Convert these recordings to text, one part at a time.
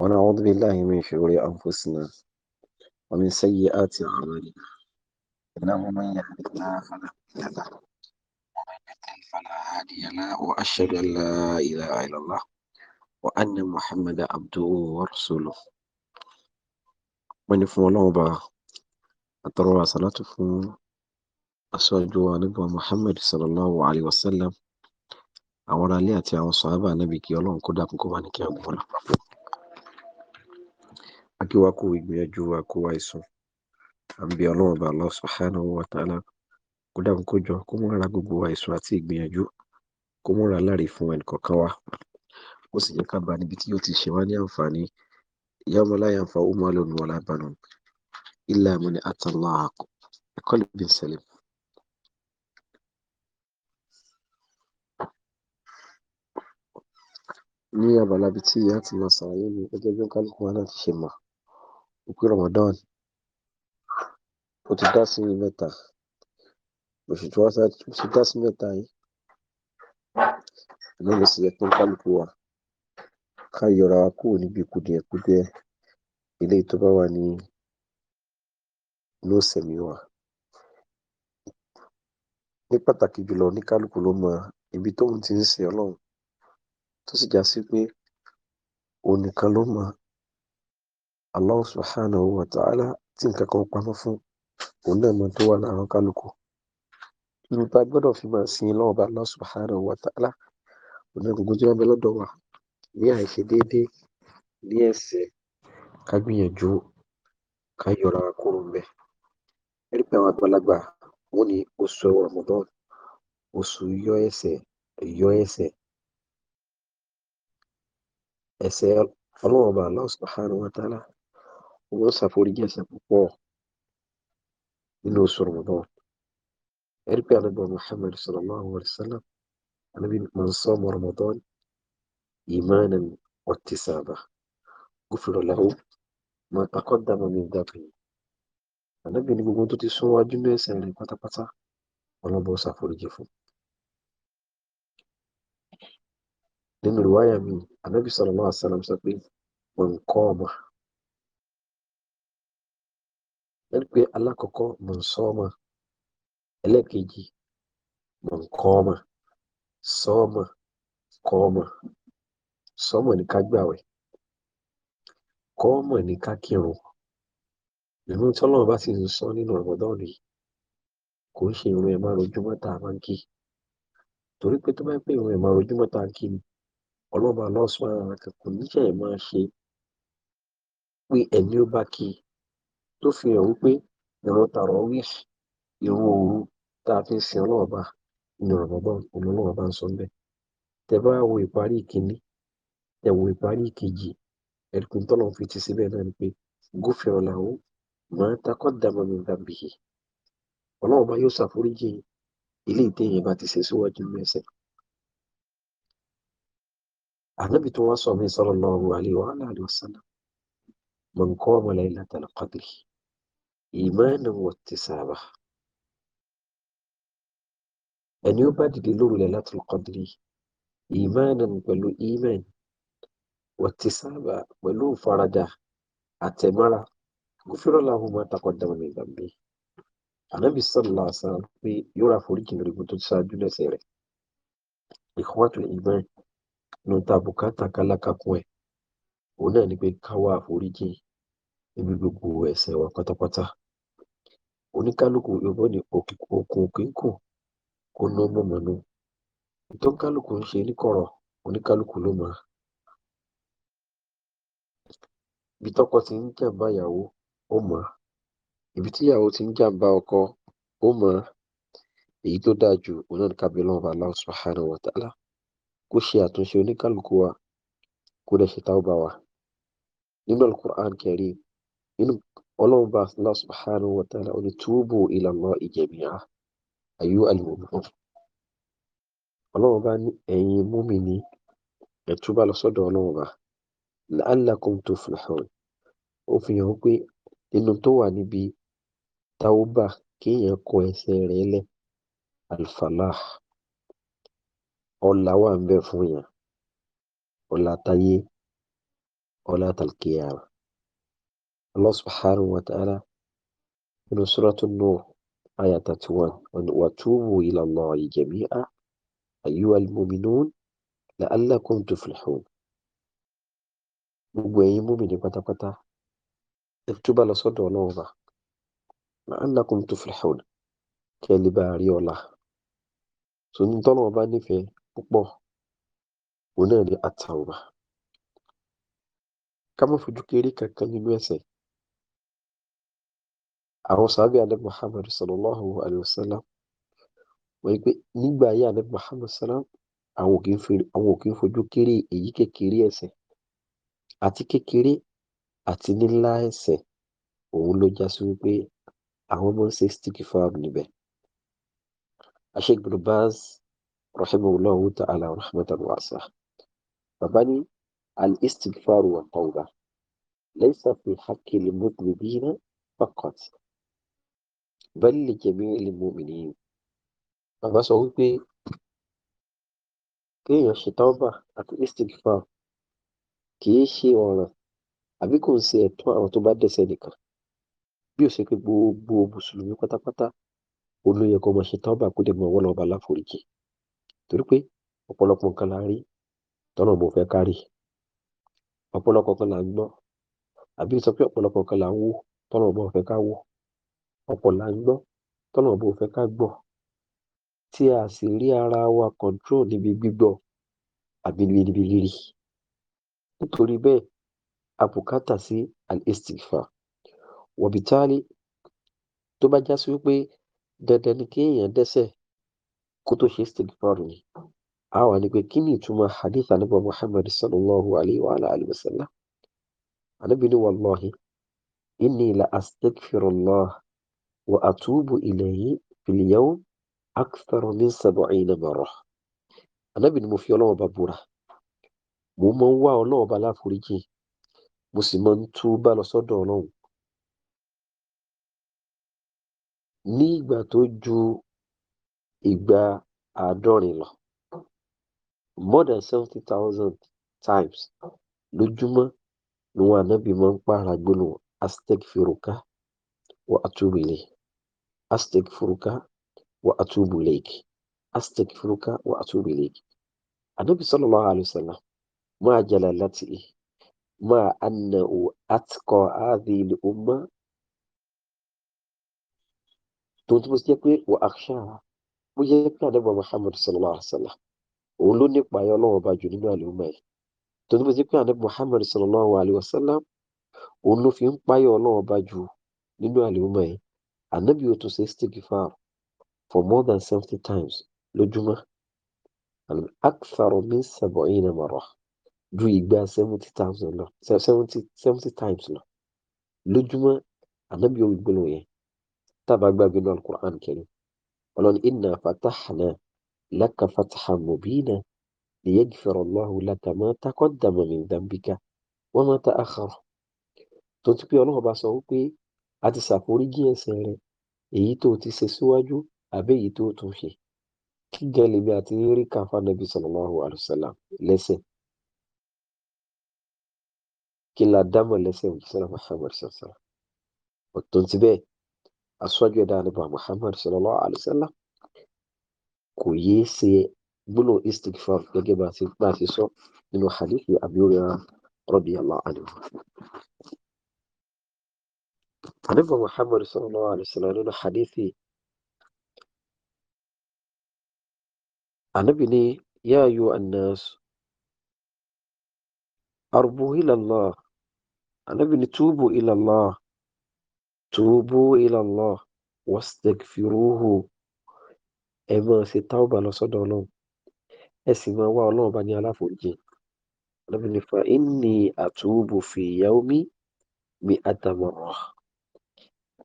ونعوذ بالله من شرور أنفسنا ومن سيئات أعمالنا إنه من يهده الله فلا مضل ومن يضلل فلا هادي له وأشهد أن لا إله إلا الله وأن محمدا عبده ورسوله من يفهم الله بقى أترى صلاة فهم محمد صلى الله عليه وسلم àwọn ará ilé àti àwọn sọ̀hábà níbi kí ọlọ́run kó dákun kó wà ní kí ọgbọ́n lọ akíwá kú ìgbìyànjú àkówá ìsùn àbí ọlọ́run bá Allah subhanahu wa ta'ala kó dákun kó jọ kó mọ́ra gbogbo àìsàn àti ìgbìyànjú kó mọ́ra láre fún ẹnì kọ̀ọ̀kan wa ó sì yẹ ká ba níbi tí ó ti ṣe wá ní àǹfààní ìyá ọmọ láyà ń fa ó máa lónìí wọn lábàánú ilé àmọ́ ni àtàlá ẹ̀kọ́ lè bí sẹ́lẹ̀. ní abala bíi tí ìyá ti máa ṣàlàyé ní gẹ́gẹ́ bí kálukú wa náà ti ṣe mọ̀ Ramadan ó ti dá sí mẹ́ta oṣù tí wọ́n ti dá sí mẹ́ta yìí ìlú mi sì yẹ kí n kálukú wa ká yọra wa kúrò níbi kùdìẹ̀kudìẹ eléyìí tó bá wà ní inú ìsẹ̀mí wa ní pàtàkì jùlọ oníkálukú ló mọ ibi tóun ti ń sin Ọlọ́run tó sì já sí pé òun nìkan ló mọ Allah subhanahu wa ta'ala tí nǹkan kan pamọ́ fún òun náà mọ tó wà láàrín kálukú irú ta gbọ́dọ̀ fi máa sin lọ́wọ́ bá Allah subhanahu wa ta'ala òun náà gbogbo tí wọ́n bẹ lọ́dọ̀ wa ní àìṣe déédéé ní ẹ̀ṣẹ̀ ká gbìyànjú ká yọra kúrò mbẹ ẹni pé àwọn àgbàlagbà wọ́n ní oṣù Ramadan oṣù yọ ẹ̀ṣẹ̀ yọ ẹ̀ṣẹ̀ ẹ̀ṣẹ̀ Ọlọ́run bá Allah subhanahu wa ta'ala yóò ṣàforíjì ẹ̀ṣẹ̀ púpọ̀ nínú oṣù Ramadan ẹ̀rí pé àlọ́gbọ̀n Muhammad sallallahu alayhi wa sallam ànábì man sama Ramadan imanan wattisaba gufira lahu ma taqaddama min dhanbihi ànábì ní gbogbo tó ti súnwájú ní ẹ̀ṣẹ̀ rẹ̀ pátápátá ọlọ́bọ̀ ṣàforíjì fún nínú ìwáyà mi ànábì sallallahu alayhi wa sallam sọ pé man qama e pé alákọ̀ọ́kọ́ ma ń sọ o ẹlẹ́ẹ̀kejì mò ń kọ́ ọmọ sọ ọmọ kọ́ ọmọ sọ ọmọ ní ká gbàwẹ̀ kọ́ ọmọ ní ká kírun bá sì ń sọ nínú Ramadan yìí kò ń ṣe ẹ̀ máa torí pé tó bá ẹ̀ máa ni ọlọ́ba lọ́sùn ara tó fi hàn wípé ìrun tàràwíì ìrun òru tá a fi ń sin ọlọ́run ọba nínú Ramadan òun lọ́lọ́run ọba ń sọ ń bẹ̀. tẹ bá wo ìparí ìkíní tẹ wo ìparí ìkejì ẹ̀rìkún tọ́lọ́run fi ti síbẹ̀ náà ni pé gufira lahu ma taqaddama min dhanbihi ọlọ́run ọba yóò ṣàforíjì ilé ìtẹ̀yìn bá ti ṣe síwájú ní Ànábì tó wá sọ mí sallallahu alaihi wa alihi wasallam man qama laylatal qadri ìmáànà wọ̀tìsàbà ẹni ó bá dìde lóru rẹ̀ láti kọ́dírì ìmáànà pẹ̀lú ìmáàn wọ̀tìsàbà pẹ̀lú ìfaradà àtẹ̀mára gúfúrò làwọn máa takọ̀ dáwọn ní ìgbàgbé ànábì sọ̀rọ̀ àṣàrò pé yóò ra foríjì lórí gbogbo tó ṣáájú lẹ́sẹ̀ rẹ̀ ìkọ́wàtò ìmáàn ló ta bùkátà kálákàkún ẹ̀ òun náà ni pé ká wá níbi gbogbo ẹ̀ṣẹ̀ wa pátápátá oníkálukú ìbọn ní okùn kíkùn kó ná mọ̀mọ́nú tó ń kálukú ń ṣe níkọ̀rọ̀ oníkálukú ló mọ̀ ibi tọ́kọ ti ń jàǹbá ìyàwó ó mọ̀ ibi tíyàwó ti ń jàǹbá ọkọ ó mọ̀ èyí tó dáa jù òun náà ní kábíyà lọ́wọ́ Allah kó ṣe àtúnṣe oníkálukú wa kó dẹ̀ ṣe táwọ́bà wa nínú Al-Qur'an Karim nínú ọlọ́run bá Allah subhanahu wa ta'ala oní túbù ila Allahi jami'a ayú al-mu'minun ọlọ́run bá ní ẹ̀yin mùmínì ẹ túbà lọ sọ́dọ̀ ọlọ́run bá la'allakum tuflihun ó fi hàn pé nínú tó wà níbi tàwùbà kéèyàn kọ ẹsẹ̀ rẹ̀ lẹ̀ al-falah wà ń bẹ fún yàn ọlá táyé ọlá tàlkìyàrá. Allah subhanahu wa ta'ala nínú Suratu Nuh ayà 31 wa tubu ila Allahi jami'an ayyuhal mu'minun la'allakum tuflihun gbogbo ẹ̀yin mùmínì pátápátá ẹ túbà lọ sọ́dọ̀ Ọlọ́run bá la'allakum tuflihun kẹ́ lè bá rí ọlá sọ̀nù tọ́lọ̀ ọba nífẹ̀ẹ́ púpọ̀ òun náà ni àtàwọn ká má fojú kéré kankan nínú ẹ̀ṣẹ̀ àwọn sàábì alẹ́bí muhammad sallallahu alayhi wa sallam wọ́n pé nígbà ayé alẹ́bí muhammad sallam àwọn ò kí ń fojú kéré èyí kékeré ẹ̀ṣẹ̀ àti kékeré àti nílá ẹ̀ṣẹ̀ òun ló já sí wípé àwọn ọmọ ń ṣe istikfar níbẹ̀ aṣẹ́gun baz rahimahullahu ta'ala rahmatan wasa bàbá ní al-istikfar wa tawba laysa fi haqqi al-mudhnibina faqat bal li jami'il mu'minin bàbá sọ wípé kéèyàn ṣe tọ́bà àti istigfar kì í ṣe ọ̀ràn àbí kò ń ṣe ẹ̀tọ́ àwọn tó bá dẹ̀ṣẹ̀ nìkan bí ó ṣe pé gbogbo mùsùlùmí pátápátá òun yẹ kó máa ṣe kó dẹ̀ mọ ọwọ́ lọ́ba láforíjì torí pé ọ̀pọ̀lọpọ̀ nǹkan la rí tọ́nà mo fẹ́ kárì ọ̀pọ̀lọpọ̀ kan là ń gbọ́ àbí sọ pé ọ̀pọ̀lọpọ̀ kan là ń wò tọ́nà mo fẹ́ ká wò Ọ̀pọ̀ la gbọ́, tọ́lọ́run bó fẹ́ ká gbọ́, tí a sì rí ara wa control níbi gbígbọ́ àbí níbi rírí. Nítorí bẹ́ẹ̀ a bùkátà sí Al-Istighfar. Wàbìtálì tó bá já sí wípé dandan ni kéèyàn dẹ́ṣẹ̀ kó tó ṣe Istighfar ni, a wá ní pé kí ni ìtumọ̀ hadith Ànábì Muhammad sallallahu alayhi wa ala wa sallam. Ànábì ní wallahi inni la astaghfirullah وأتوب إليه في اليوم أكثر من سبعين مرة Ànábì ni mo fi Ọlọ́run bá búra mo máa ń wá Ọlọ́run bá láforíjì mo sì máa ń túbà more than seventy thousand times lójúmọ́ ni wọn Ànábì máa ń pààrà gbólóhùn astagfiruka wa atubu ilayhi astagfiruka wa atubu ilaik astagfiruka wa atubu ilaik anabi sallallahu alaihi wasallam ma jalalati ma annahu atqa hadhihi al-umma tó tó ṣe pé wa akhsha ó yẹ pé anabi muhammad sallallahu alaihi wasallam òun ló nípa ayé ọlọ́run ọba jù nínú àlùmọ́ ẹ̀ tó tó ṣe pé anabi muhammad sallallahu alaihi wasallam òun ló fi ń páyọ̀ ọlọ́run ọba jù nínú àlùmọ́ ẹ̀ النبي ó tún ṣe for more than seventy times lójúmọ́ أكثر من sab'ina مرة، ju ìgbà seventy times لا، seventy seventy times لا. lójúmọ́ النبي ó gbólóhùn تابع tábà القرآن náà alukur'an kẹrin فتحنا لك fatahna laka ليغفر الله liyagfira allahu laka ma taqaddama min dhanbika wa ma ta'akhkhara tó a ti ṣàforíjì ẹ̀ṣẹ̀ rẹ èyí tó o ti ṣe síwájú àbí èyí tó o tún ṣe kí gẹlẹbi àti rí káfa nàbí sallallahu alaihi wasallam lẹ́sẹ̀ kí la dámọ̀ lẹ́sẹ̀ òjíṣẹ́ muhammad sallallahu ọ̀tún ti bẹ́ẹ̀ aṣáájú ẹ̀dá àdìbò muhammad sallallahu alaihi wasallam kò yéé ṣe gbólóhùn istigfar gẹ́gẹ́ bá a ti sọ nínú hadithi Abu Hurairah radiyallahu هنبقى محمد صلى الله عليه وسلم nínú hadithi ànábì ní yá ayò anas arbu ilallah ànábì ní túbù ilallah túbù ilallah wastagfiruhu ẹ máa ṣe táwọbà lọ sọ́dọ̀ Ọlọ́run ẹ sì máa wá Ọlọ́run bá ní aláforíjì ànábì ní fa inni àtúbù fi yawmi mi àtàmọràn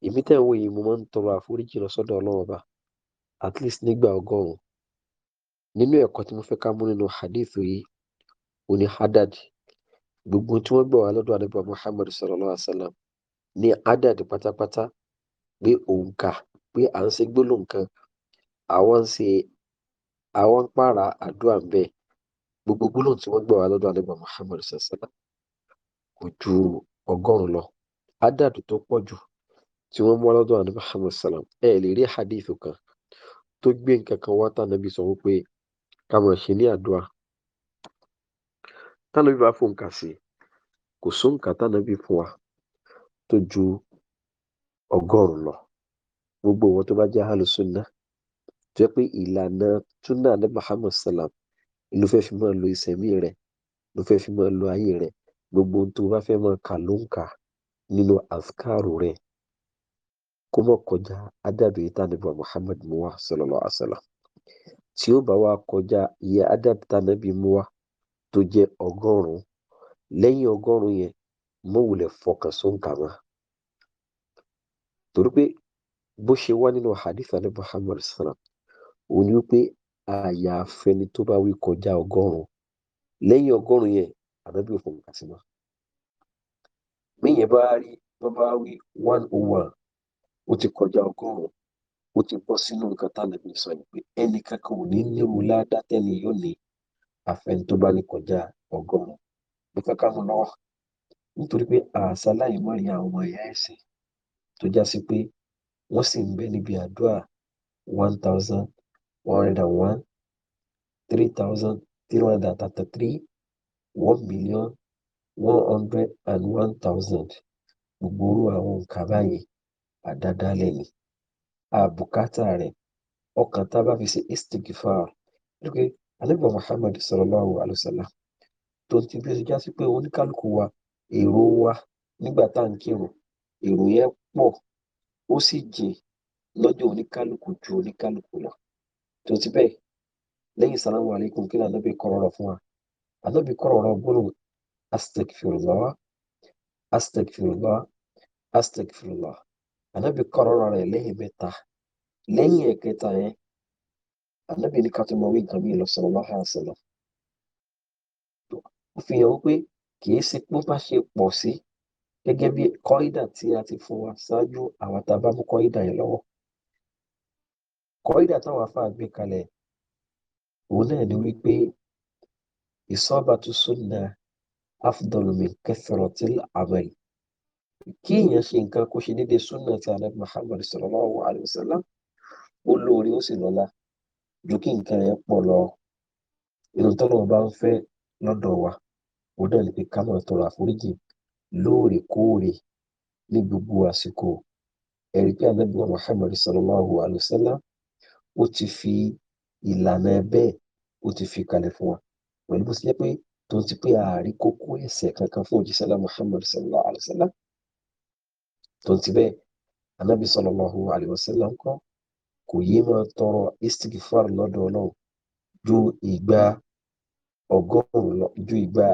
èmi tẹ̀ ń wò yìí mo máa ń tọrọ àforíjì lọ sọ́dọ̀ ọlọ́run ọba at least nígbà ọgọ́rùn-ún nínú ẹ̀kọ́ tí mo fẹ́ ká mú nínú hadith yìí ó hadad gbogbo tí wọ́n gbà wá lọ́dọ̀ àdébà muhammad sallallahu alaihi wa sallam ní hadad pátápátá pé òǹkà pé à ń ṣe gbólóǹkan àwọn ń ṣe àwọn ń pààrà àdúrà ń bẹ gbogbo gbólóhùn tí wọ́n gbà wá lọ́dọ̀ àdébà muhammad sallallahu alaihi wa sallam kò ju ọgọ́rùn-ún lọ hadad tó pọ̀ jù tí wọ́n mú ọlọ́dọ̀ ànábì Muhammad salam ẹ lè rí hadith kan tó gbé nǹkan kan wá tànàbí sọ wípé ká máa ṣe ní àdúrà tànàbí bá fòǹkà sí kò sóǹkà tànàbí fún wa tó ju ọgọ́rùn-ún lọ gbogbo wọn tó bá jẹ́ alùsùnà tó yẹ pé ìlànà túnà ànábì Muhammad salam ló fẹ́ fi máa lo ìsẹ̀mí rẹ̀ ló fẹ́ fi máa lo ayé rẹ̀ gbogbo ohun tó bá fẹ́ máa kà ló ń kà nínú àsìkáàrò rẹ̀ kó mọ̀ kọjá adàbí tánàbí muhammad muwa sallallahu alaihi wa sallam tí ó bá wá kọjá iye adàbí tánàbí muwa tó jẹ́ ọgọ́rùn-ún lẹ́yìn ọgọ́rùn-ún yẹn mọ̀wulẹ̀ fọkàn sóńkà mọ́ torí pé bó ṣe wá nínú hadith alẹ́ muhammad sallam ó ní pé àyà afẹ́ni tó bá wí kọjá ọgọ́rùn-ún lẹ́yìn ọgọ́rùn-ún yẹn ànábì ò fọkàn sí mọ́ bí yẹn bá rí bá bá wí one oh one ó ti kọjá ọgọ́rùn-ún ó ti bọ́ sínú nǹkan tánàbí sọ yìí pé ẹnì kankan ò ní nírú ládá tẹ́ni yóò ní àfẹn tó bá ní kọjá ọgọ́rùn-ún bí kankan mú lọ́wọ́ nítorí pé àṣà láì mọ ìyá ọmọ ìyá ẹ̀sìn tó já sí pé wọ́n sì ń bẹ níbi àdúrà one thousand one hundred and one three thousand three hundred and thirty three one million one hundred and one thousand gbogbo orú àwọn nǹkan báyìí àdádálẹ̀ ni àbùkátà rẹ̀ ọkàn tá a bá fi ṣe istigfar pé alẹ́gbọ̀n Muhammad sallallahu alayhi wa sallam tó ti bí ó ti já sí pé oníkálukú wa èrò wa nígbà tá à ń kírun èrò yẹn pọ̀ ó sì jìn lọ́jọ́ oníkálukú ju oníkálukú lọ tó ti bẹ́ẹ̀ lẹ́yìn salamu alaykum kí lóò anábì kọ́ fún wa anábì kọ́ ọ̀rọ̀ astagfirullah astagfirullah astagfirullah ànábì kọ́rọ̀rọ̀ rẹ̀ lẹ́yìn ليه lẹ́yìn ẹ̀kẹta yẹn ànábì ní ká tó mọ wí nǹkan bí ìlọsọ̀rọ̀ bá hàn sí lọ. ó fi hàn wípé kì í ṣe bó bá ṣe pọ̀ sí gẹ́gẹ́ bí kọ́ídà tí a ti fún wa ṣáájú àwọn tá a bá yẹn lọ́wọ́. kọ́ídà táwọn afáà gbé kalẹ̀ òun náà ni wípé ìsọ́bàtú sunna afdal min kí èèyàn ṣe nǹkan kó ṣe déédéé súnà tí anabi muhammad sallallahu alayhi wa sallam ó lóore ó sì lọ́lá ju kí nǹkan yẹn pọ̀ lọ inú tọ́lọ́ bá ń fẹ́ lọ́dọ̀ wa ó dẹ̀ ní pé ká máa tọrọ àforíjì lóòrèkóòrè ní gbogbo àsìkò ẹ̀rí pé anabi muhammad sallallahu alayhi wa sallam ó ti fi ìlànà ẹ̀bẹ̀ ó ti fi kalẹ̀ fún wa pẹ̀lú bó ti jẹ́ pé tó ti pé ààrí kókó ẹ̀ṣẹ̀ kankan fún òjíṣẹ́ muhammad sallallahu alayhi tó ń ti bẹ́ẹ̀ anábì sallallahu alaihi wasallam ńkọ́ kò yé máa tọrọ istigfar lọ́dọ̀ ọlọ́run ju ìgbà ọgọ́rùn-ún lọ ju ìgbà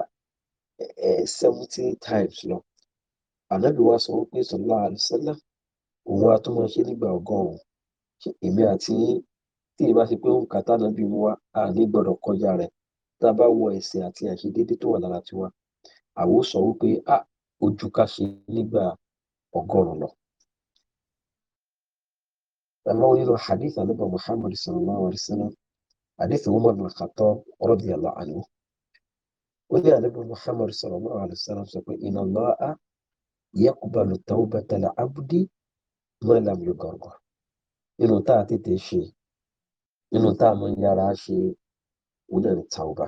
seventeen times lọ anábì wa sọ wípé sallallahu alaihi wasallam òun a tún máa ṣe nígbà ọgọ́rùn-ún èmi àti tí ìbá ṣe pé òun kàtà náà wa a ní gbọ́dọ̀ kọjá rẹ̀ tá a bá wọ ẹ̀sìn àti àṣedédé tó wà lára tiwa àwọn sọ wípé a ah, ojú ká ṣe nígbà ọgọ́rùn-ún lọ. Ọlọ́wọ́ nínú hadith Ànábì Muhammad sallallahu alaihi wasallam hadith Umar bin Khattab radiyallahu anhu. Ó ní Ànábì Muhammad sallallahu alaihi wasallam sọ pé inna Allaha yaqbalu tawbata al-abdi ma lam yugharghar. Inú tá a tètè ṣe inú tá a mọ̀ ń yára ṣe òun náà ni tàwùbà.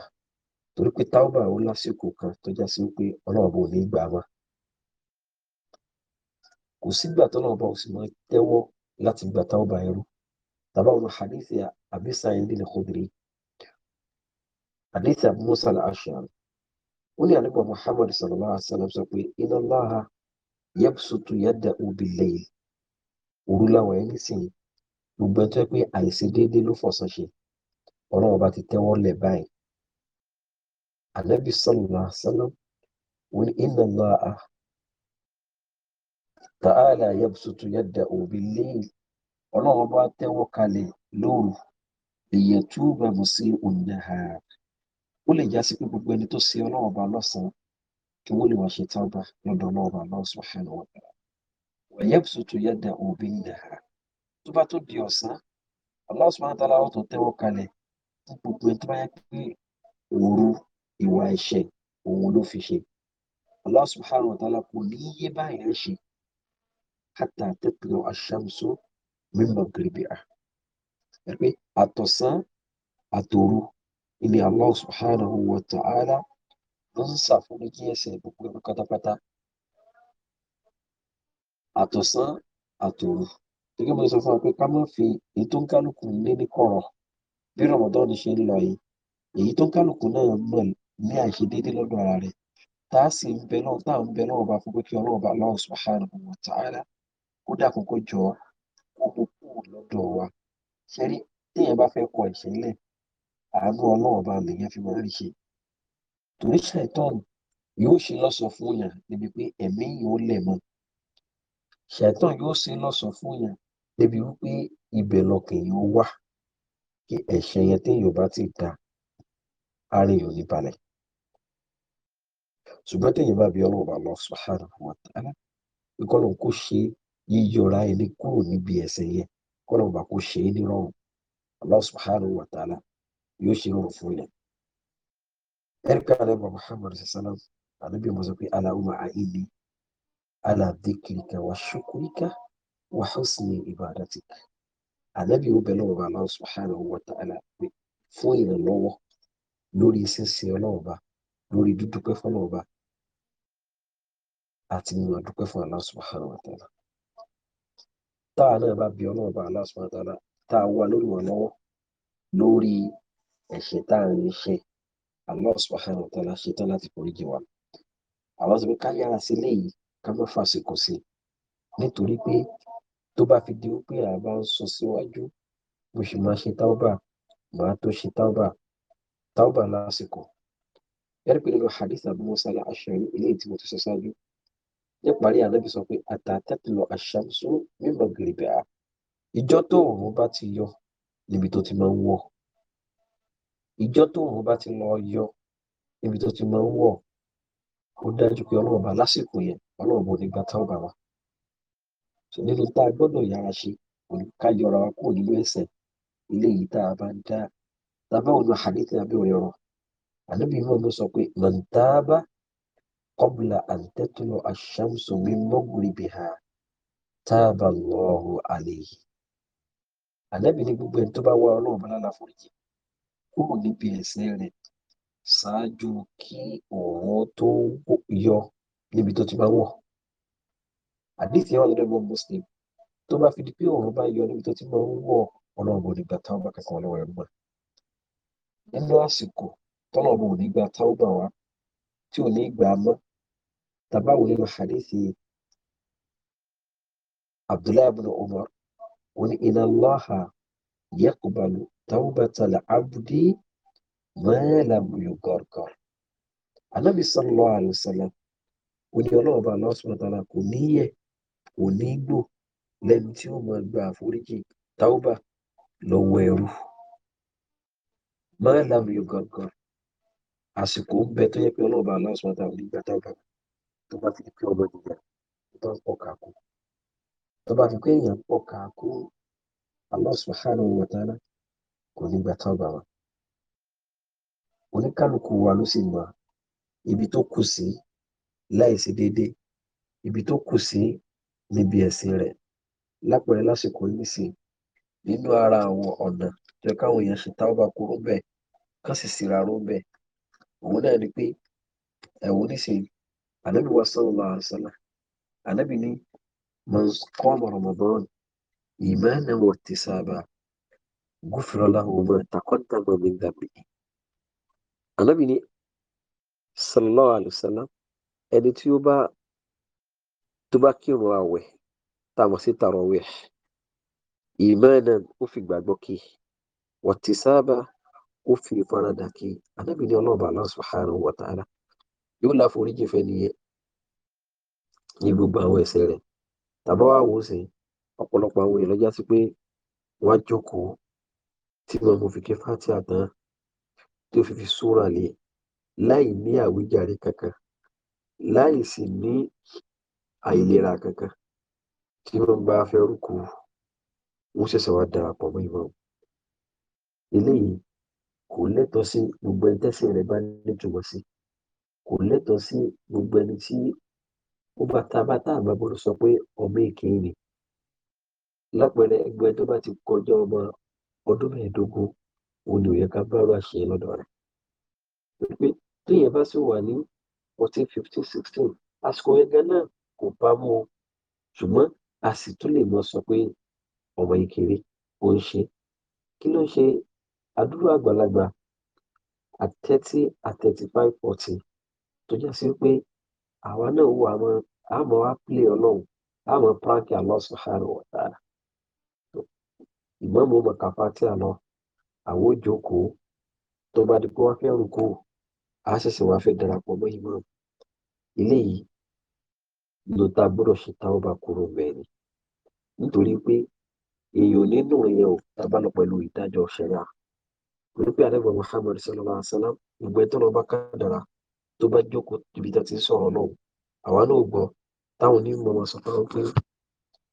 Torí pé tàwùbà ó lásìkò kan tó já sí pé Ọlọ́run ní gbà kò sígbà tọ́lọ́run bá òsì máa tẹ́wọ́ láti gbà táwọn bá ẹrú tàbá wọn hadith Abi Sa'id al-Khudri hadith Abu Musa al-Ash'ari ó ní àlẹ́gbà Muhammad sallallahu alaihi wasallam sọ pé inna Allaha yabsutu yadahu bil-layl òru láwọn ẹni sìn gbogbo ẹjọ́ pé àìsí déédéé ló fọ̀sán ṣe ọ̀rọ̀ ọba ti tẹ́wọ́ lẹ̀ báyìí Ànábì sallallahu alaihi wasallam ó ní inna Allaha tààlà yabsutu yadahu bil-layl ọlọ́run bá tẹ́wọ́ kalẹ̀ lóru èyẹ tú bẹ̀rù sí an-nahar ó lè já sí pé gbogbo ẹni tó ṣe ọlọ́run bá lọ́sàn-án kí wọ́n lè wá ṣe tábà lọ́dọ̀ ọlọ́run bá Allah subhanahu wa ta'ala wa yabsutu yadahu bin-nahar tó bá tó di ọ̀sán Allah subhanahu wa ta'ala tẹ́wọ́ kalẹ̀ fún gbogbo ẹni tó bá yẹ pé òru ìwà ẹ̀ṣẹ̀ òun ló fi ṣe Allah subhanahu wa kò ní yé báyìí ṣe hàtà tẹ́tìlọ́ aṣámsó mímọ̀ gíríbìà ẹ̀ pé àtọ̀sán àtòru ilé Allah subhanahu wa ta'ala ló ń ṣàforíjì ẹ̀ṣẹ̀ gbogbo ẹ̀rọ pátápátá àtọ̀sán àtòru gẹ́gẹ́ bó ṣe sọ fún wa pé ká má fi èyí tó ń kálukú lé ní kọ̀rọ̀ bí Ramadan ṣe ń lọ yìí èyí tó ń ara rẹ̀ tá a sì ń bẹ náà tá à ń bẹ náà ọba fún pé kí ọlọ́ọ̀ba Allah subhanahu wa ta'ala kó dákun kó jọ kó kó kúrò lọ́dọ̀ wa ṣẹ́rí téèyàn bá fẹ́ kọ ẹ̀ṣẹ̀ lẹ̀ àánú ọlọ́run ọba lèèyàn fi máa ń ṣe torí ṣàìtọ́nù yóò ṣe lọ́sọ̀ fún yàn débi pé ẹ̀mí yóò lẹ̀ mọ́ ṣàìtọ́n yóò ṣe lọ́sọ̀ fún yàn débi wípé ibẹ̀ lọkàn yóò wà kí ẹ̀ṣẹ̀ yẹn téèyàn bá ti dá ara èèyàn ní ṣùgbọ́n téèyàn bá bí ọlọ́run ọba lọ subhanahu wa ta'ala pé kọ́lọ́n kó ṣe yíyọra ẹni kúrò níbi ẹ̀ṣẹ̀ yẹn kọlọ bá kó ṣe é nírọ̀rùn Allah subhanahu wa ta'ala yóò ṣe rọrùn fún ilẹ̀. ẹ̀ríkà alẹ́ bàbá Muhammad sallam àdébí mo sọ pé Allahumma a'inni ala dhikrika wa shukrika wa husni ibadatika àdébí ó bẹ̀rẹ̀ ọba Allah subhanahu wa ta'ala pé fún ìrànlọ́wọ́ lórí ṣíṣe ọlọ́ọ̀ba lórí dúdúpẹ́ fọlọ́ọ̀ba àti mímọ̀ dúpẹ́ fún Allah subhanahu táwa náà bá bí ọlọ́run bá aláṣọ àtàlà tá a wà lórí wọn lọ́wọ́ lórí ẹ̀ṣẹ̀ tá à ń ṣe Allah subhanahu wa ta'ala ṣetán láti foríjì wa àwọn sọ pé ká yára sí léyìí ká má fàṣekò sí nítorí pé tó bá fi di wípé a bá ń sọ síwájú bó ṣe máa ṣe táwọ́bà máa tó ṣe táwọ́bà táwọ́bà lásìkò ẹ̀rí pé nínú hadith Abu Musa al-Ash'ari eléyìí tí mo ṣáájú níparí ànábì sọ pé àtàtàtìlọ àṣàmùsùn mímọ gèrèbè á ìjọ tó òun bá ti yọ níbi tó ti máa ń wọ̀ ìjọ tó òun bá ti lọ yọ níbi tó ti máa ń wọ̀ ó dájú pé ọlọ́run bá lásìkò yẹn ọlọ́run bò nígbà táwọn bá wà sọ nínú tá a gbọ́dọ̀ yára ṣe ká yọra wa kúrò nínú ẹ̀ṣẹ̀ ilé yìí tá a bá ń dá tábà òun àdéhùn abẹ́ òun ẹ̀rọ ànábì mọ́ ló sọ pé mọ̀ntàbá قبل أن تطلع الشمس من مغربها تاب الله عليه ànábì ní gbogbo ẹni tó bá wá ọlọ́run bá lálàá foríjì kúrò níbi ẹ̀ṣẹ̀ rẹ̀ ṣáájú kí òun tó yọ níbi tó ti bá wọ̀ àdìsí àwọn ọ̀dọ́ ẹ̀gbọ́n muslim tó bá fi di pé òun bá yọ níbi tó ti máa ń wọ̀ ọlọ́run bò nígbà táwọn bá kankan lọ́wọ́ ẹ̀rú gbà nínú àsìkò tọ́lọ́run ò ní gba táwọn bá wa tí ò ní gbà á mọ́ tabawo nínú hadithi abdullahi ibn umar wọn ni inna allaha yaqbalu tawbatal abdi ma lam yugargar anabi sallallahu alayhi wa sallam wọn ni ọlọ́ọ̀bá aláwọ̀sọ̀tàlá kò níyẹ kò ní gbò lẹ́nu tí ó máa gba àforíjì tawba lọ́wọ́ ẹrú ma lam yugargar àsìkò ń bẹ tó yẹ pé ọlọ́ọ̀bá aláwọ̀sọ̀tàlá ò ní gbà tawba tó bá fi pé ọmọ nìyẹn tó ń pọ̀ káàkó tó bá fi pé èèyàn ń pọ̀ káàkó Allah subhanahu wa ta'ala ibito kusi gbà tán bàbá oníkálukú wa ló sì mọ ibi tó kù sí láìsí déédéé ibi tó kù sí níbi ẹ̀sìn rẹ̀ lápẹẹrẹ lásìkò yìí sí nínú ara àwọn ọ̀nà tó káwọn èèyàn ṣe táwọn bá kúrò bẹ́ẹ̀ kán sì síra òun náà ni pé ẹ̀wọ̀n nísìnyí anabi wa sallallahu alaihi wasallam anabi ni man qama ramadan imanan wa ihtisaba ghufira lahu ma taqaddama min dhanbihi anabi ni sallallahu alaihi wasallam ẹni tí ó bá tó bá kírun àwẹ̀ tá a mọ̀ sí tarawih imanan ó fi gbàgbọ́ kí wa ihtisaba ó fi ìfaradà kí anabi ọlọ́ọ̀bà Allah subhanahu wa yóò láforíjì fẹ́ nìyẹn ní gbogbo àwọn ẹ̀ṣẹ̀ rẹ̀ tàbá wà wò sí ọ̀pọ̀lọpọ̀ àwọn èèyàn lọ́jà sí pé wọ́n á jókòó tí wọn mo fi ké fati àtàn tó fi fi súra lé e láì ní àwíjàre kankan láì sì ní àìlera kankan tí wọn bá fẹ́ rúkú wọn ṣẹ̀ṣẹ̀ wá darapọ̀ mọ́ ìmọ̀ eléyìí kò lẹ́tọ̀ọ́ sí gbogbo ẹni tẹ́sẹ̀ rẹ̀ bá nítumọ̀ sí kò lẹ́tọ̀ọ́ sí gbogbo ẹni tí ó bá ta bá tá àgbà gbọ́dọ̀ sọ pé ọmọ èké ni lápẹẹrẹ ẹgbẹ́ tó bá ti kọjá ọmọ ọdún mẹ́ẹ̀ẹ́dógún òun ni ò yẹ ká bárò àṣẹ lọ́dọ̀ rẹ̀ pé téèyàn bá sì wà ní fourteen fifteen sixteen àsìkò yẹn náà kò bá mú o ṣùgbọ́n a sì tún lè mọ sọ pé ọmọ ìkéré ò ń ṣe kí ló ń ṣe àdúrà àgbàlagbà at thirty at thirty five forty tó jẹ́ sí pé àwa náà wò àmọ́ àmọ́ wá pílé ọlọ́run àmọ́ prank Allah subhanahu wa ta'ala ìmọ̀ọ́mù mọ̀kápá tí a lọ àwọn òjòkòó tó bá di pé wọ́n fẹ́ rúkú á ṣẹ̀ṣẹ̀ wá fẹ́ darapọ̀ mọ́ ìmọ̀ọ́mù eléyìí ló ta gbọ́dọ̀ ṣe táwọn bá kúrò mẹ́rin nítorí pé èèyàn nínú yẹn ò tábà lọ pẹ̀lú ìdájọ́ ṣẹ̀yà pẹ̀lú pé adébọ̀ Muhammad sallallahu alaihi wasallam ìgbẹ́ tó lọ bá tó bá jókòó níbi tó ti ń sọ̀rọ̀ náà àwa náà gbọ́ táwọn onímọ̀ wọn sọ fún pé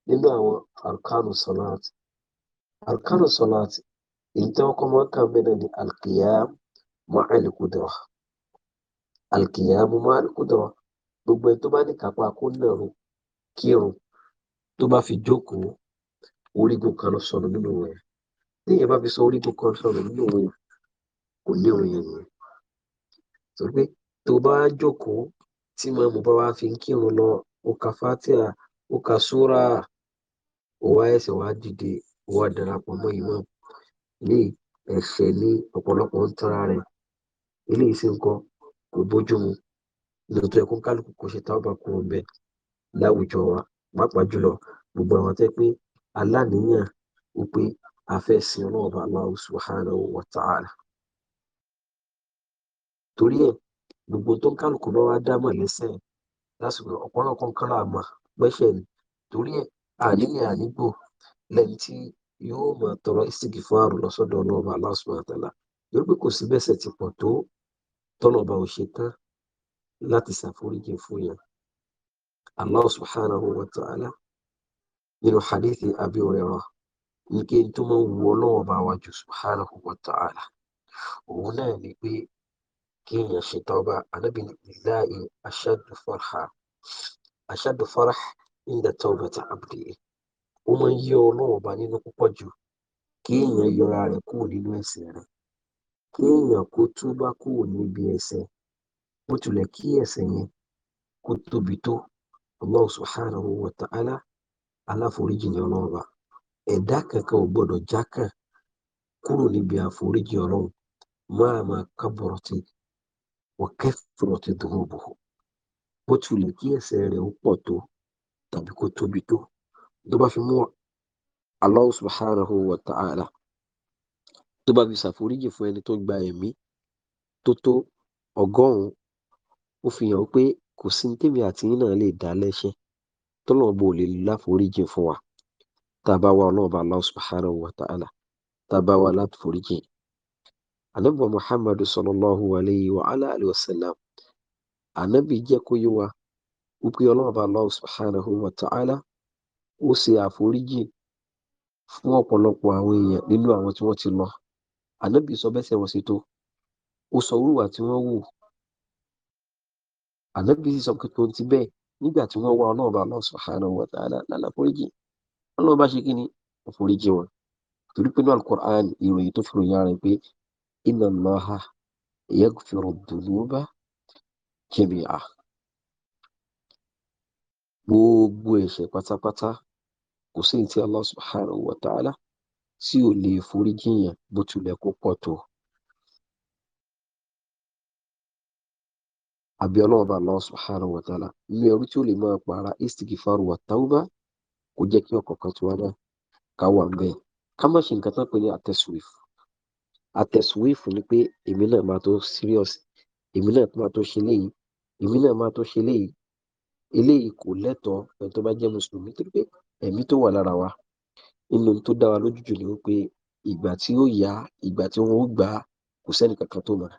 nínú àwọn arkanu salat arkanu salat èyí tí wọ́n kọ́ máa ń kà mẹ́rin ní alkiyam ma'al qudra alkiyam ma'al gbogbo ẹ̀ tó bá ní kápá kó nàró kírun tó bá fi jókòó orígun kan lọ sọnù nínú rẹ̀ téèyàn bá fi sọ orígun kan sọnù nínú rẹ̀ kò ní òun yẹn nìyẹn tó bá jókòó tí màmú bá wá fi ń kírun lọ ó ka fatia ó ka súra ó wá ẹsẹ̀ wá dìde ó wá darapọ̀ mọ́ ìmọ̀ ní ẹ̀ṣẹ̀ ní ọ̀pọ̀lọpọ̀ ń tọ́ra rẹ̀ eléyìí sì ń kọ́ kò bójú mu lóòótọ́ kálukú kò ṣe tá ọba kúrò bẹ́ẹ̀ láwùjọ wa pàápàá jùlọ gbogbo àwọn tẹ́ pé aláníyàn ó pé a fẹ́ sin ọlọ́ọ̀bá Allah subhanahu wa ta'ala torí ẹ̀ gbogbo tó kálukú bá wá dámọ̀ lẹ́sẹ̀ lásìkò ọ̀pọ̀lọpọ̀ nǹkan là mọ̀ pẹ́fẹ́ ni torí ẹ̀ àníyàn ànígbò lẹ́ni tí yóò máa tọrọ ìsìnkì fún àrùn lọ́sọ̀dọ̀ ọlọ́ọ̀bà Allah subhanahu wa ta'ala torí pé kò sí bẹ́sẹ̀ ti pọ̀ tó tọ́lọ̀bà ò ṣe tán láti ṣàforíjì fún yàn Allah subhanahu wa ta'ala nínú hadithi Abi ní kí n tó máa wọ ọlọ́ọ̀bà wájú subhanahu wa ta'ala òun náà ni pé kí èèyàn ṣe tọ́ba anábì láàyè aṣáájú fọ́nrán aṣáájú fọ́nrán nígbà tọ́ba ti àbùdí ó máa ń yí ọlọ́run ọba nínú púpọ̀ jù kí èèyàn yọra rẹ̀ kúrò nínú ẹ̀ṣẹ̀ rẹ̀ kí èèyàn kó túbá kúrò níbi ẹ̀ṣẹ̀ bó tilẹ̀ kí ẹ̀ṣẹ̀ yẹn kó tóbi tó Allah subhanahu wa ta'ala aláforíjì ni ọlọ́run ẹ̀dá kankan ò gbọ́dọ̀ jákàn kúrò níbi àforíjì ọlọ́run máa máa kábọ̀rọ̀ tètè wọ̀kẹ́fọ̀rọ̀ ti dùn ún bò ó bó tilẹ̀ kí ẹ̀ṣẹ̀ rẹ̀ ó pọ̀ tó tàbí kó tóbi tó tó bá fi mú Allah subhanahu wa ta'ala tó bá fi ṣàforíjì fún ẹni tó gba ẹ̀mí tó tó ọgọ́rùn-ún ó fi hàn pé kò sí tèmi àti yín náà lè dá lẹ́ṣẹ̀ tọ́lọ́ọ̀bù ò lè láforíjì fún wa tá a ọlọ́ọ̀bà Allah subhanahu wa ta'ala tá a bá láforíjì anabi muhammad sallallahu alayhi wa alayhi wa sallam anabi jẹ́ kó yé wa wípé ọlọ́run bá Allah subhanahu wa ta'ala ó ṣe àforíjì fún ọ̀pọ̀lọpọ̀ àwọn èèyàn nínú àwọn tí wọ́n ti lọ anabi sọ bẹ́sẹ̀ wọn sí tó ó sọ wúwà tí wọ́n wù anabi sì sọ pé tó ti bẹ́ẹ̀ nígbà tí wọ́n wá ọlọ́run Allah subhanahu wa ta'ala lálẹ́ àforíjì ọlọ́run ṣe kí ni àforíjì wọn torí pé ní alukur'an ìròyìn tó fi ròyìn ara rẹ̀ pé إن الله يغفر الذنوب jẹ̀míà gbogbo ẹ̀ṣẹ̀ pátápátá kò sí ti tí Allah subhanahu wa ta'ala tí ò lè forí jiyàn bó tilẹ̀ kó pọ̀ tó. àbí ọlọ́run bá Allah subhanahu wa ta'ala ní ẹrú tí ó lè máa pààrà istighfaru wa tawba kò jẹ́ kí ọkọ̀ kan tó wá náà ká wà àtẹ̀sùwéèfù ni pé èmi náà máa tó serious èmi náà máa tó ṣe léyìí èmi náà máa tó ṣe léyìí eléyìí kò lẹ́tọ̀ọ́ ẹni tó bá jẹ́ mùsùlùmí torí pé ẹ̀mí tó wà lára wa nínú tó dá wa lójú jù ni wípé ìgbà tí ó yá ìgbà tí wọn ó gbà á kò sẹ́ni kankan tó mọ̀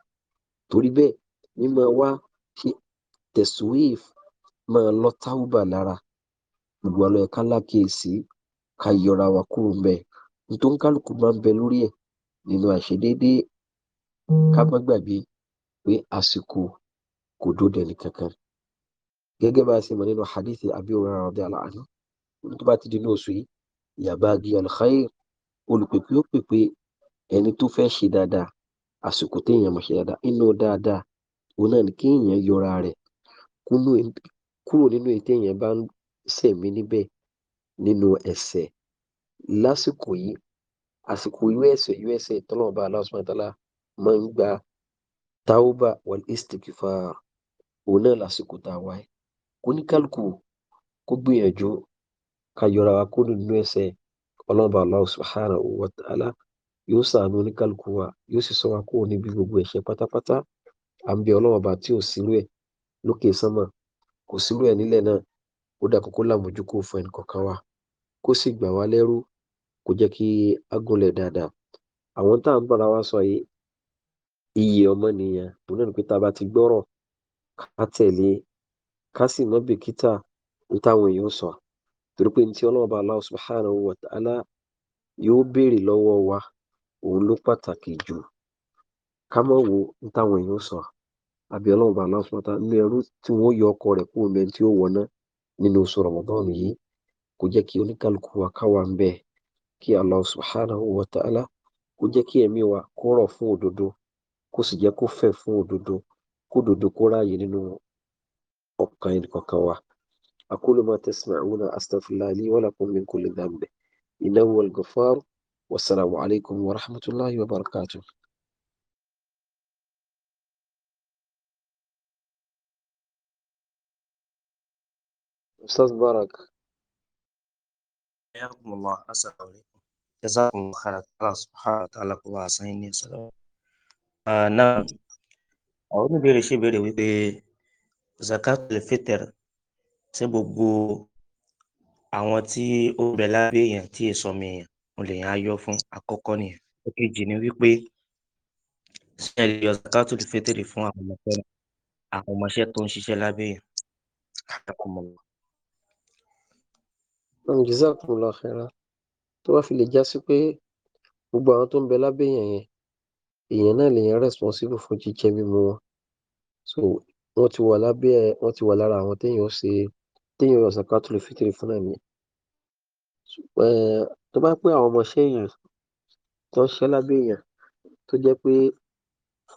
torí bẹ́ẹ̀ mímọ wá ṣe tẹ̀sùwéèfù máa lọ táwùbà lára gbogbo àlọ́ ẹ̀ká lákèésí ká yọra wa kúrò ń bẹ́ẹ̀ ní kálukú máa ń bẹ lórí ẹ̀ nínú àìṣedéédé ká mm. má gbàgbé pé àsìkò kò dóde nìkankan gẹ́gẹ́ bá a ṣe mọ̀ nínú hadithi Abi Hurairah radiyallahu anhu tó bá ti di ní oṣù yìí ya bagi al-khair olùpèpè ó pèpè ẹni tó fẹ́ ṣe dáadáa àsìkò téèyàn mọ̀ ṣe dáadáa inú dáadáa òun náà ni kéèyàn yọra rẹ̀ kúrò nínú èyí téèyàn bá ń sẹ̀mí níbẹ̀ nínú ẹ̀ṣẹ̀ lásìkò yìí àsìkò irú ẹ̀ṣẹ̀ irú ẹ̀ṣẹ̀ tọ́lọ́mọba Allah subhanahu wa ta'ala máa ń gba tauba wal istighfar òun náà lásìkò tá a wáyé kó ní kálukú kó gbìyànjú ká yọra wa kó nínú ẹ̀ṣẹ̀ ọlọ́mọba Allah subhanahu wa ta'ala yóò sàánú ní kálukú wa yóò sì sọ wa kó níbi gbogbo ẹ̀ṣẹ̀ pátápátá à ń bẹ ọlọ́mọba tí ò sírú ẹ̀ lókè sánmà kò sírú ẹ̀ nílẹ̀ náà ó dà kókó làmójúkó fún ẹnì kọ̀ọ̀kan wa kó sì gbà wá lẹ́rú kò jẹ́ kí á gúnlẹ̀ dáadáa àwọn tá à ń bára wa sọ yìí iyì ọmọnìyàn òun náà ni pé tá bá ti gbọ́rọ̀ ká tẹ̀lé ká sì mọ́ bìkítà ní táwọn sọ torí pé ní tí ọlọ́run bá Allah subhanahu wa ta'ala yóò béèrè lọ́wọ́ wa òun ló pàtàkì jù ká mọ̀ wo ní táwọn èèyàn sọ àbí ọlọ́run bá yọ ọkọ rẹ̀ kúrò tí ó nínú oṣù yìí kí Allah subhanahu wa ta'ala kó jẹ́ kí ẹ̀mí wa kó rọ̀ fún òdodo kó sì jẹ́ kó fẹ̀ fún òdodo kó òdodo kó ráàyè nínú ọkàn ẹnìkọ̀ọ̀kan wa. أقول ما تسمعون أستغفر الله لي ولكم من كل ذنب إنه هو الغفار والسلام عليكم ورحمة الله وبركاته أستاذ مبارك حياكم الله السلام عليكم جزاكم خيرا الله سبحانه وتعالى kó wá san yín ní ẹ̀san lọ́wọ́. náà àwọn oníbèrè ṣe béèrè wípé zakatul fitr ṣé gbogbo àwọn tí ó bẹ lábẹ́ èèyàn tí èso mi èèyàn mo lè yàn á yọ fún àkọ́kọ́ nìyẹn. èkejì ni wípé ṣé lè yọ zakatul fitr fún àwọn ọmọọṣẹ́ àwọn ọmọọṣẹ́ tó ń ṣiṣẹ́ lábẹ́ èèyàn. جزاكم الله خيرا tó wá fi lè já sí pé gbogbo àwọn tó ń bẹ lábẹ́ èèyàn yẹn èèyàn náà lèèyàn responsible fún jíjẹ mímu wọn so wọ́n ti wà lábẹ́ wọ́n ti wà lára àwọn téèyàn ṣe téèyàn yọ zakatul fitri fún náà nìyẹn tó bá pé àwọn ọmọọṣẹ́ èèyàn tó ń ṣiṣẹ́ lábẹ́ èèyàn tó jẹ́ pé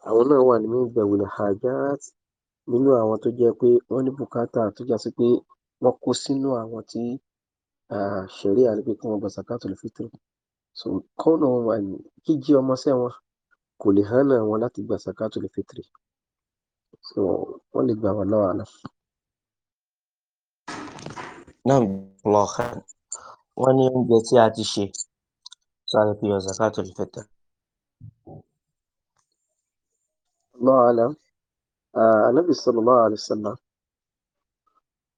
àwọn náà wà nínú ìgbẹ̀wìlẹ̀ hajat nínú àwọn tó jẹ́ pé wọ́n ní bùkátà tó já sí pé wọ́n kó sínú àwọn tí ṣẹ̀ríà ni pé kí wọ́n gba zakatul fitr so kọ́nà wọn jíjí ọmọọṣẹ́ wọn kò lè hánà wọn láti gba zakatul fitr so wọ́n lè gba wọn lọ́wọ́ àná. náà lọ́ọ̀kan wọ́n ní oúnjẹ tí a ti ṣe sáré fi yọ zakatul fitr. Allahu alam anabi sallallahu alaihi wasallam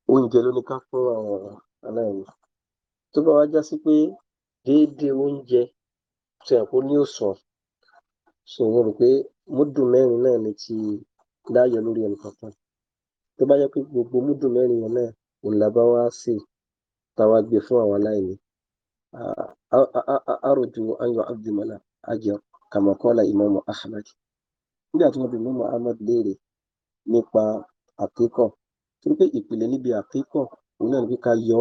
oúnjẹ ló ní ká fún àwọn aláìní tó bá wá já sí pé déédéé oúnjẹ tí àpò ní òsàn so mo rò pé múdù mẹ́rin náà ni ti láàyò lórí ẹnì kankan tó bá yẹ pé gbogbo múdù mẹ́rin yẹn náà òun la bá wá sí táwa gbé fún àwọn aláìní àròjù ayọ̀ abdulmọ́lá ajọ kàmọ́kọ́lá ìmọ̀mọ́ ahmed nígbà tí wọ́n bí mọ́mọ́ ahmed léèrè nípa àkíkọ̀ torí pé ìpìlẹ̀ níbi àkíkọ̀ òun náà ní ká yọ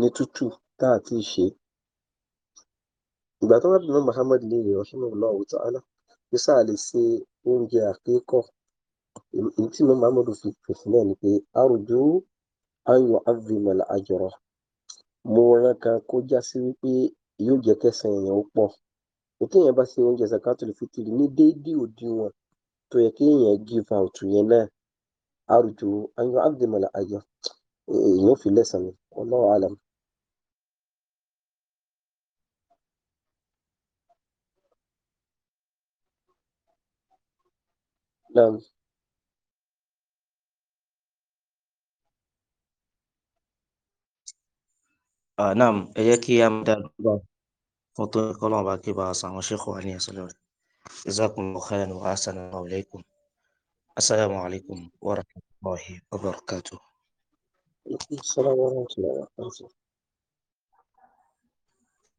ní tútù tá a ti ṣe ìgbà tó wà bímọ Muhammad léèrè rahimahullahu ta'ala pé sáà lè ṣe oúnjẹ àkíkọ èyí tí mo Muhammad fi fèsì náà ni pé arùjú ayọ avimal àjọrọ mo rán kan kó já sí wípé yóò jẹ kẹsàn èèyàn ó pọ̀ o téèyàn bá ṣe oúnjẹ zakatul fitiri ní déédéé òdiwọ̀n tó yẹ kéèyàn give out yẹn náà arùjú ayọ avimal àjọ èèyàn ò fi lẹsàn ni Allahu alam. نعم آه نعم إياك يا مدام فطور كلام باقي كبا صام الشيخ وعلي صلوا جزاكم الله خيرا وأحسن عليكم السلام عليكم ورحمة الله وبركاته السلام عليكم ورحمة الله وبركاته